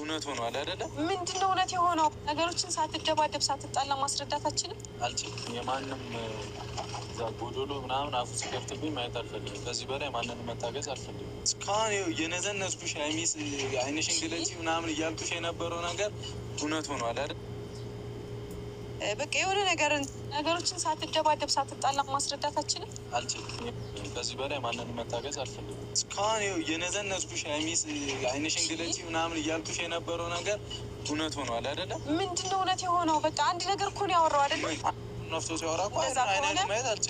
እውነት ሆኗል አይደለ? ምንድን ነው እውነት የሆነው? ነገሮችን ሳትደባደብ ሳትጣላ ማስረዳት አችልም። አልችልም። የማንም እዛ ጎዶሎ ምናምን አፉ ሲከፍትብኝ ማየት አልፈልግም። ከዚህ በላይ ማንንም መታገዝ አልፈልግም። እስካሁን የነዘነዝኩሽ አይሚስ አይንሽን ግለጪ ምናምን እያልኩሽ የነበረው ነገር እውነት ሆኗል አይደል? በቃ የሆነ ነገር ነገሮችን ሳትደባደብ ሳትጣላ ማስረዳታችንም አልችልም። ከዚህ በላይ ማንን መታገዝ አልፈልግም። እስካሁን የነዘነዝኩሽ ሚስ አይንሽን ግለጪ ምናምን እያልኩሽ የነበረው ነገር እውነት ሆኗል አይደለም? ምንድን ነው እውነት የሆነው? በቃ አንድ ነገር እኮ ነው ያወራው አይደለም ነፍሶ ሲያወራ እኮ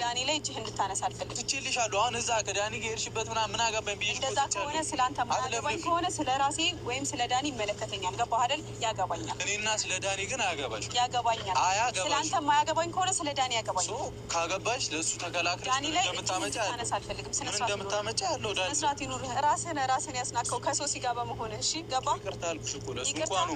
ዳኒ ላይ እጅህ እንድታነሳ አልፈልግም። ትችልሻለሁ። አሁን እዛ ከዳኒ ከሄድሽበት ምናምን ምን አገባኝ ብዬሽ እንደዛ ከሆነ ስለ አንተ የማያገባኝ ከሆነ ስለ ራሴ ወይም ስለ ዳኒ ይመለከተኛል። ገባህ አይደል? ያገባኛል። እኔና ስለ ዳኒ ግን አያገባሽ። ያገባኛል። ስለ አንተ ማያገባኝ ከሆነ ስለ ዳኒ ያገባኛል። ካገባሽ ለእሱ ተከላክለሽ ዳኒ ላይ እንድታነሳ አልፈልግም። ስነ ስርዓት ይኑርህ። ራስህን ራስህን ያስናከው ከሶሲ ጋር በመሆንህ እሺ። ገባህ? ይቅርታ አልኩሽ እኮ ለእሱ እንኳኑ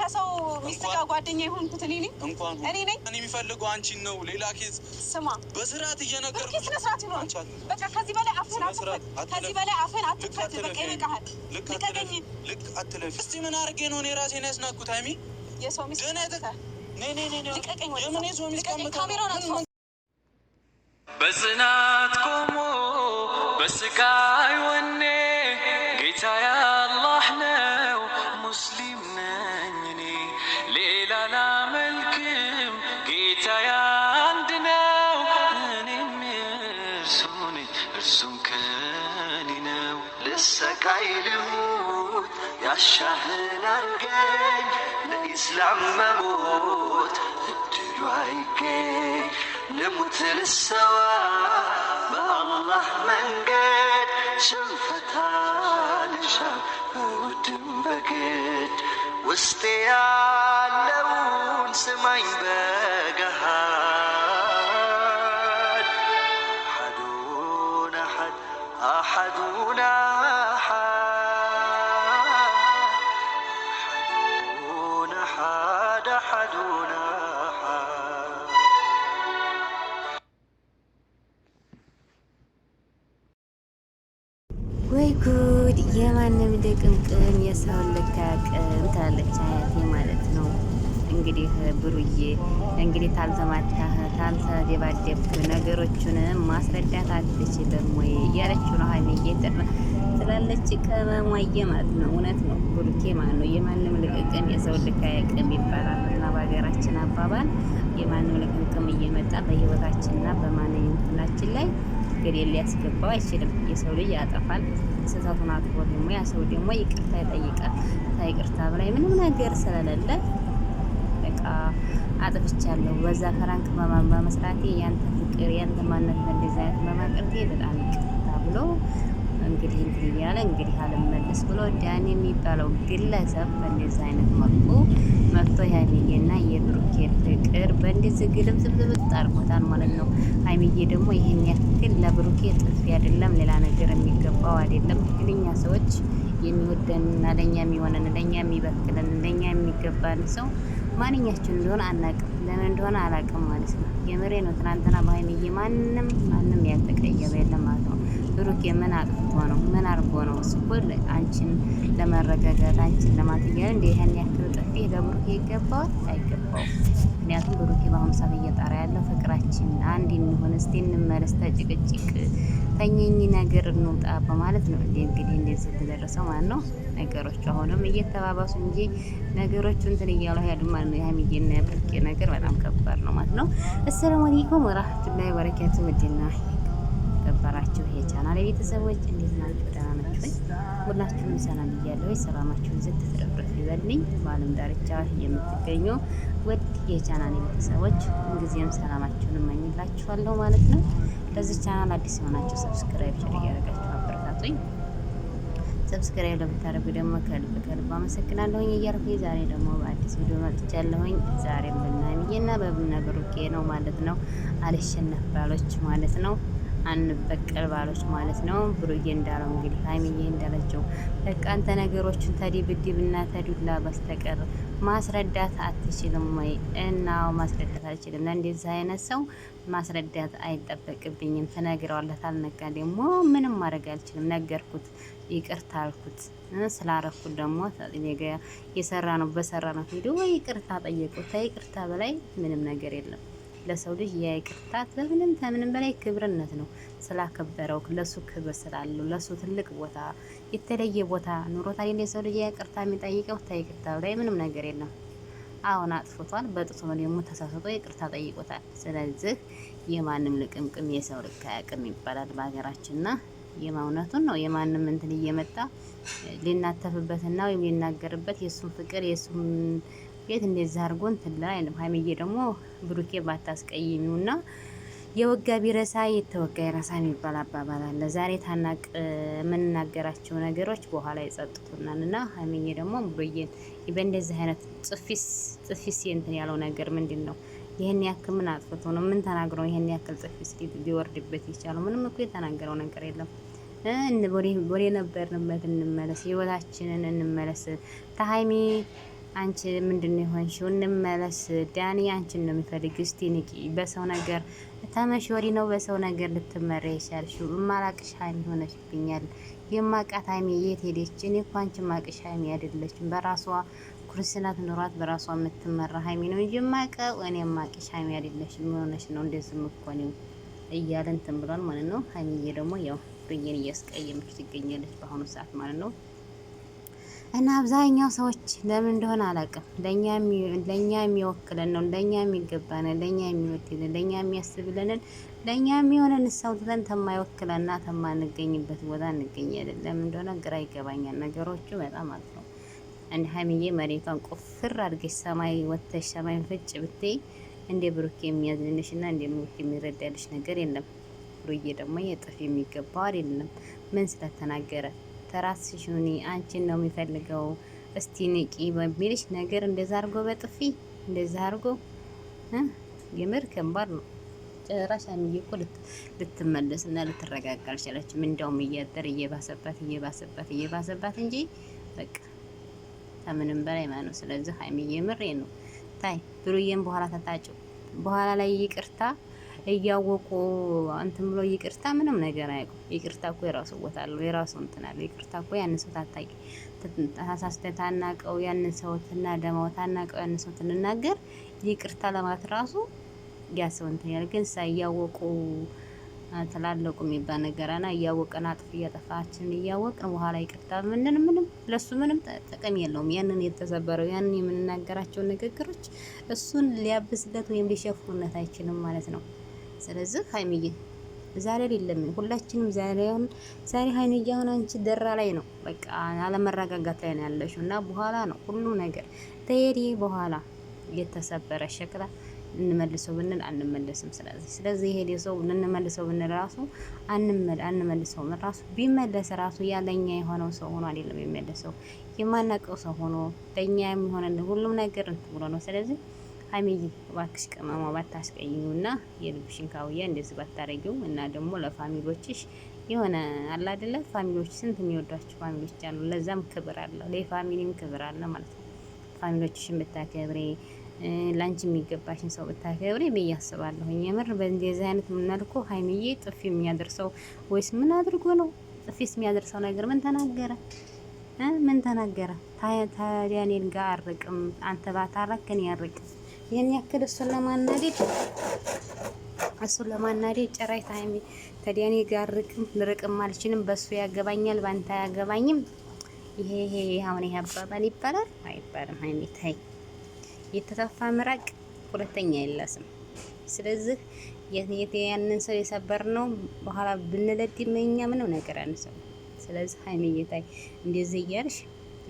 ከሰው ሚስት ጋር ጓደኛ የሆንኩት እኔ ነኝ እንኳን እኔ ነኝ። እኔ የሚፈልገው አንቺን ነው። ሌላ ኬዝ ስማ፣ በስርዓት እየነገርኩህ በቃ ከዚህ በላይ አፍህን አትክፈት፣ ከዚህ በላይ አፍህን አትክፈት። በቃ ይበቃሃል። ልቀቀኝ። ልክ አትለፊ። እስቲ ምን አድርጌ ነው እኔ ራሴን ያስናኩት? ሀይሚ የሰው ሚስት ልቀቀኝ። የምን የሰው ሚስት ካሜራውን አጥፋ በጽናት ነኝ ሌላ ላመልክም ጌታዬ አንድ ነው እኔም እርሱ እርሱም ከኔ ነው ልሰቃይ ልሙት ያሻህን አድርገኝ ለኢስላም መሞት እድሉ አይገኝ ልሙት ልሰዋ በአላህ መንገድ ሽንፈታ ልሻ እውድም በግድ ውስጤ ያለውን ስማኝ በገሃድ አሐዱን አሐድ አሐዱን አሐድ አሐዱን አሐድ አሐዱን የሰውን ልክ አያውቅም ትላለች አያቴ ማለት ነው። እንግዲህ ብሩዬ እንግዲህ ታልተማታህ ታልተደባደብክ ነገሮቹን ማስረዳት አትችልም ወይ እያለችው ነው ሀይሚዬ ትላለች። ቀመሟየ ማለት ነው። እውነት ነው ብሩኬ ማለት ነው። የማንም ልቅቅም የሰውን ልክ አያውቅም ይባላል እና በሀገራችን አባባል የማንም ልቅቅም እየመጣ በህይወታችንና በማንነታችን ላይ ገደል ሊያስገባው አይችልም። የሰው ልጅ ያጠፋል። ስህተቱን አጥፎ ደግሞ ያ ሰው ደግሞ ይቅርታ ይጠይቃል። ይቅርታ በላይ ምንም ነገር ስለሌለ በቃ አጥፍቻለሁ። በዛ ፈራንክ በማን በመስራቴ ያንተ ፍቅር ያንተ ማንነት እንደዚህ አይነት በማቅረቴ በጣም ይቅርታ ብሎ እንግዲህ እንትን እያለ እንግዲህ አልመለስ ብሎ ዳኒ የሚባለው ግለሰብ በእንደዚህ አይነት መልኩ መጥቶ የሀይሚዬና የብሩኬ ፍቅር በእንደዚህ ግልም ዝብዝብጥ አድርጎታል ማለት ነው። ሀይሚዬ ደግሞ ይህን ያክል ለብሩኬ ጥፊ አይደለም ሌላ ነገር የሚገባው አይደለም። ግንኛ ሰዎች የሚወደንና ለእኛ የሚሆነን ለእኛ የሚበክለን ለእኛ የሚገባን ሰው ማንኛችን እንደሆነ አናውቅም። ለምን እንደሆነ አላውቅም ማለት ነው። የምሬ ነው። ትናንትና በሀይሚዬ ማንም ማንም ያልተቀየረ የለም ማለት ነው። ብሩኬ ምን አጥፍቶ ነው? ምን አርጎ ነው? ስኮል አንቺን ለመረጋጋት አንቺን ለማትያል እንደ ይህን ያክል ጥፊ ለብሩኬ ይገባዋል አይገባውም? አምሳል እየጣራ ያለው ፍቅራችን አንድ እንሆን፣ እስቲ እንመለስ፣ ተጭቅጭቅ ተኝኝ ነገር እንውጣ በማለት ነው እንዴ እንግዲህ እንደዚህ የተደረሰው ማለት ነው። ነገሮቹ አሁንም እየተባባሱ እንጂ ነገሮቹ እንትን እያሉ ያሉ ማለት ነው። ሀይሚዬና ብሩኬ ነገር በጣም ከባድ ነው ማለት ነው። አሰላሙ አለይኩም ወራህመቱላሂ ወበረካቱህ። ውድና የተከበራችሁ የቻናል ቤተሰቦች እንዴት ናችሁ? ሁላችሁም ሰላም እያለሁ ሰላማችሁን ዝት ትረፍረፍ ይበልኝ። በዓለም ዳርቻ የምትገኙ ውድ የቻናል ቤተሰቦች ምንጊዜም ሰላማችሁን እመኝላችኋለሁ ማለት ነው። ለዚህ ቻናል አዲስ የሆናቸው ሰብስክራይብ፣ ሸር እያደረጋችሁ አበረታቱኝ። ሰብስክራይብ ለምታደርጉ ደግሞ ከልብ ከልብ አመሰግናለሁኝ እያልኩኝ ዛሬ ደግሞ በአዲስ ቪዲዮ መጥቻለሁኝ። ዛሬም ብናምዬና በብነ ብሩኬ ነው ማለት ነው። አልሸነፍ ባሎች ማለት ነው አንበቀል ባሎች ማለት ነው። ብሩዬ እንዳለው እንግዲህ ሀይሚዬ እንዳለችው በቃ አንተ ነገሮችን ተዲብድብ እና ተዱላ በስተቀር ማስረዳት አትችልም ወይ? እናው ማስረዳት አልችልም። ለእንደዚህ አይነት ሰው ማስረዳት አይጠበቅብኝም። ተነግረዋለት ታልነጋ ደግሞ ምንም ማድረግ አልችልም። ነገርኩት፣ ይቅርታ አልኩት። ስላረኩት ደግሞ የሰራ ነው በሰራ ነው ሄዶ ይቅርታ ጠየቁ። ይቅርታ በላይ ምንም ነገር የለም። ለሰው ልጅ የይቅርታ ከምንም ከምንም በላይ ክብርነት ነው። ስላከበረው ለሱ ክብር ስላለው ለሱ ትልቅ ቦታ የተለየ ቦታ ኑሮታል። የሰው ልጅ የይቅርታ የሚጠይቀው ይቅርታ ላይ ምንም ነገር የለም። አሁን አጥፍቷል፣ በጥቶ ደግሞ ተሳስቶ ይቅርታ ጠይቆታል። ስለዚህ የማንም ልቅምቅም የሰው ልክ አያውቅም ይባላል በሀገራችንና የማውነቱን ነው። የማንም እንትን እየመጣ ሊናተፍበትና ወይም ሊናገርበት የእሱን ፍቅር የእሱን ዱቄት እንደዛ አድርጎ እንትን ላይ ነው። ሀይሚዬ ደግሞ ብሩኬ ባታስቀይሚው ና የወጋ ቢረሳ የተወጋ ረሳ የሚባል አባባል አለ። ዛሬ ታናቅ የምንናገራቸው ነገሮች በኋላ ይጸጥቱናል እና ሀይሚዬ ደግሞ ብሩዬን በእንደዚህ አይነት ጽፊስ ጥፊስ እንትን ያለው ነገር ምንድን ነው? ይህን ያክል ምን አጥፍቶ ነው? ምን ተናግረው ይህን ያክል ጥፊስ ሊወርድበት የቻለው? ምንም እኮ የተናገረው ነገር የለም። ወደ ነበርንበት እንመለስ፣ ህይወታችንን እንመለስ። ተሀይሚ አንቺ ምንድን ነው የሆንሽው? እንመለስ ዳኒ፣ አንቺን ነው የሚፈልግ። እስቲ ንቂ። በሰው ነገር ተመሽ ተመሾሪ ነው በሰው ነገር ልትመራ ይሻልሽው። እማላቅሽ ሀሚ ሆነሽብኛል። የማቃት ሀሚ የት ሄደች? እኔ እኮ አንቺ ማቅሽ ሀሚ አይደለችም። በራሷ ኩርስናት ኑሯት በራሷ የምትመራ ሀሚ ነው እንጂ የማቀው እኔ ማቅሽ ሀሚ አይደለችም። ሆነሽ ነው እንደዚህ ምኮኔው እያለ እንትን ብሏል ማለት ነው። ሀሚዬ ደግሞ ያው ብዬን እያስቀየመች ትገኛለች በአሁኑ ሰዓት ማለት ነው። እና አብዛኛው ሰዎች ለምን እንደሆነ አላውቅም፣ ለእኛ ነው፣ ለእኛ የሚገባን፣ ለእኛ የሚወድልን ለእኛ የሚያስብልንን ለእኛ የሚሆነን ሰው ትተን ተማይወክለና ተማንገኝበት ቦታ እንገኛለን። ለምን እንደሆነ ግራ ይገባኛል ነገሮቹ በጣም አልፎ እንደ ሀይሚዬ መሬቷን ቆፍር አድርገሽ ሰማይ ወተሽ ሰማይን ፍጭ ብትይ እንደ ብሩኬ የሚያዝንሽና እንደ ብሩኬ የሚረዳልሽ ነገር የለም። ብሩዬ ደግሞ የጥፍ የሚገባው አይደለም ምን ስለተናገረ ተራስሽ ሁኒ አንቺን ነው የሚፈልገው እስቲ ንቂ በሚልሽ ነገር እንደዛ አርጎ በጥፊ እንደዛ አርጎ የምር ከባድ ነው። ጭራሽ አንዬ እኮ ልትመለስና ልትረጋጋ አልቻለችም። እንደውም እያደር እየባሰባት እየባሰባት እየባሰባት እንጂ በቃ ከምንም በላይ ማለት ነው። ስለዚህ ሀይሚ የምር ነው ታይ ብሩዬን በኋላ ተታጭው በኋላ ላይ ይቅርታ እያወቁ እንትን ብሎ ይቅርታ ምንም ነገር አይቁ። ይቅርታ እኮ የራሱ ቦታ አለው፣ የራሱ እንትን አለው። ይቅርታ እኮ ያን ሰው ታታቂ ተሳስተህ ታናቀው ያን ሰው ትናደማው ታናቀው ያን ሰው ትንናገር ይቅርታ ለማለት ራሱ ያ ሰው እንትን ያለ ግን ሳያወቁ ትላለቁ የሚባል ነገር እና እያወቅን አጥፍ እያጠፋችን እያወቅን በኋላ ይቅርታ ምንን ምንም ለሱ ምንም ጥቅም የለውም። ያንን የተሰበረው ያንን የምንናገራቸው ንግግሮች እሱን ሊያብስለት ወይም ሊሸፍኑለት አይችልም ማለት ነው። ስለዚህ ሀይሚዬ ዛሬ አይደለም ሁላችንም ዛሬ አሁን ዛሬ ሀይሚዬ አሁን አንቺ ደራ ላይ ነው፣ በቃ አለመረጋጋት ላይ ነው ያለሽው እና በኋላ ነው ሁሉም ነገር ተሄድ በኋላ የተሰበረ ሸክላ እንመልሰው ብንል አንመልስም። ስለዚህ ስለዚህ ይሄ ሰው እንመልሰው ብንል ራሱ አንመል አንመልሰውም። ራሱ ቢመለስ ራሱ ያ ለኛ የሆነው ሰው ሆኖ አይደለም የሚመለሰው የማናውቀው ሰው ሆኖ ለኛ የሚሆነ ሁሉም ነገር እንትን ብሎ ነው። ስለዚህ ፋሚሊ እባክሽ ቅመሟ ባታስቀይኙና የልብሽን ካውያ እንደዚህ ባታረጊው እና ደግሞ ለፋሚሎችሽ የሆነ አለ አይደለ? ፋሚሊዎች ስንት የሚወዷቸው ፋሚሊዎች አሉ። ለዛም ክብር አለ፣ ለፋሚሊም ክብር አለ ማለት ነው። ፋሚሊዎችሽን ብታከብሬ ለአንቺ የሚገባሽን ሰው ብታከብሬ ብዬ አስባለሁ። የምር በእንደዚህ አይነት መልኩ ሀይሚዬ ጥፊ የሚያደርሰው ወይስ ምን አድርጎ ነው? ጥፊስ የሚያደርሰው ነገር ምን ተናገረ? ምን ተናገረ? ታዲያኔን ጋር አርቅም አንተ ባታረክን ያርቅም ይህን ያክል እሱን ለማናደድ እሱን ለማናደድ ጭራሽ ታይሚ ተዲያኔ ጋር ርቅም ልርቅም አልችልም። በእሱ ያገባኛል በአንተ አያገባኝም። ይሄ ይሄ አሁን ይሄ አባባል ይባላል አይባልም? ሀይሚ ታይ የተተፋ ምራቅ ሁለተኛ የለስም። ስለዚህ ያንን ሰው የሰበር ነው በኋላ ብንለድ መኛ ምንም ነገር አንሰው። ስለዚህ ሀይሚ ታይ እንደዚህ እያልሽ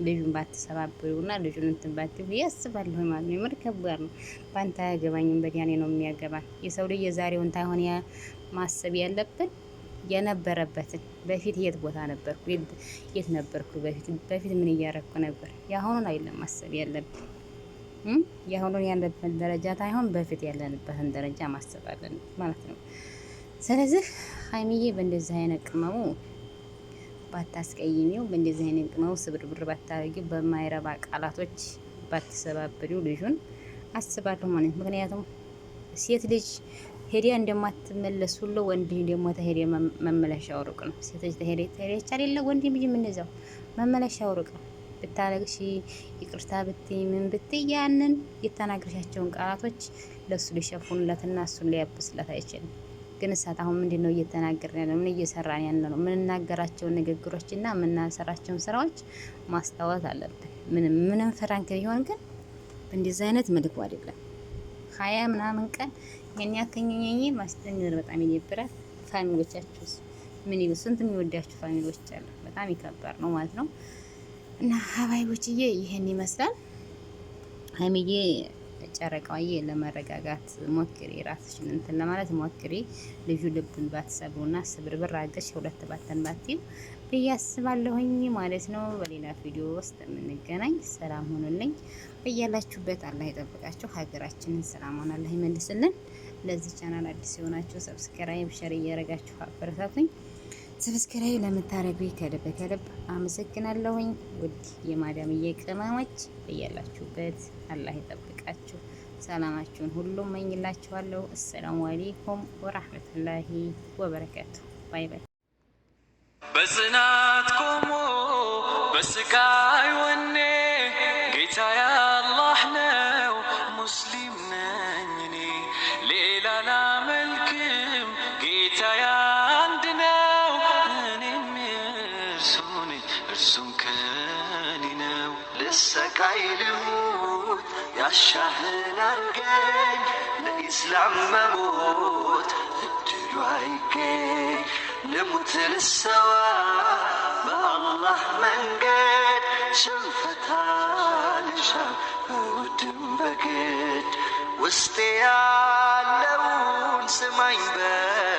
ልጁን ባትሰባብሩ እና ልጁን እንትን ባትሉ ያስባለሁ ማለት ነው። የምር ከባድ ነው። በአንተ አያገባኝም በዲያኔ ነው የሚያገባን። የሰው ልጅ የዛሬውን ታይሆን ማሰብ ያለብን የነበረበትን በፊት የት ቦታ ነበርኩ፣ የት ነበርኩ፣ በፊት በፊት ምን እያረኩ ነበር። የአሁኑን አይደለም ማሰብ ያለብን የአሁኑን ያለብን ደረጃ ታይሆን በፊት ያለንበትን ደረጃ ማሰብ አለን ማለት ነው። ስለዚህ ሀይሚዬ በእንደዚህ አይነት ቅመሙ ባታስቀይሚው፣ በእንደዚህ አይነት ቅመው ስብርብር ባታደርጊው፣ በማይረባ ቃላቶች ባትሰባብሪው ልጁን አስባለሁ ማለት ምክንያቱም ሴት ልጅ ሄዲያ እንደማትመለስ ሁሉ ወንድ ልጅ ደግሞ ተሄደ መመለሻ ወርቅ ነው። ሴት ልጅ ተሄደ ተሄደች አይደለ? ወንድ ልጅ እንደዚያው መመለሻው ሩቅ ነው። ብታለቅሺ ይቅርታ ብትይ ምን ብትይ ያንን የተናገርሻቸውን ቃላቶች ለእሱ ሊሸፉንለትና እሱን ሊያብስለት አይችልም። ግን እሳት አሁን ምንድን ነው እየተናገርን ያለ ምን እየሰራን ያለ ነው? የምንናገራቸውን ንግግሮች እና የምናሰራቸውን ስራዎች ማስታወት አለብን። ምንም ምንም ፈራንክ ቢሆን ግን እንደዚህ አይነት መልኩ አይደለም። ሀያ ምናምን ቀን ይህን ከኝኝኝ ማስተኝር በጣም ይደብራል። ፋሚሊዎቻችሁስ ምን ይሉ? ስንት የሚወዳችሁ ፋሚሊዎች አሉ። በጣም ይከበር ነው ማለት ነው። እና ሀባይቦችዬ ይህን ይመስላል ሀይሚዬ ጨረቃዬ ለመረጋጋት ሞክሪ፣ ራስሽን እንትን ለማለት ሞክሪ። ልጁ ልብን ልቡን ባትሰብሩና ስብርብር አገሽ ሁለት ባተን ባትዩ ብዬ ማለት ነው። በሌላ ቪዲዮ ውስጥ የምንገናኝ ሰላም ሆኑልኝ። በያላችሁበት አላህ ይጠብቃችሁ። ሀገራችንን ሰላሟን አላህ ይመልስልን። ለዚህ ቻናል አዲስ የሆናችሁ ሰብስክራይብ፣ ሸር እያረጋችሁ አበረታቱኝ። ሰብስክራይብ ለምታረጉ ከልብ ከልብ አመሰግናለሁኝ። ውድ የማዳምዬ ቅመሞች በያላችሁበት አላህ ይጠብቃችሁ። ያብቃችሁ። ሰላማችሁን ሁሉ መኝላችኋለሁ። አሰላሙ አሌይኩም ወራህመቱላሂ ወበረከቱ። ባይ ባይ። በጽናት ቆሞ በስቃይ ወኔ ጌታ ያላህ ነው፣ ሙስሊም ነኝ እኔ ሌላ ላመልክም። ጌታ ያንድ ነው፣ እኔም እርሱ ነኝ፣ እርሱም ከኔ ነው። ልሰቃይ ልሙት موت يا الشهل رجال لإسلام ما موت قتلوا عيكين نموت للسوا ما الله من قد شلفت لشام ودم بقيت وسطي على ونسمع بيت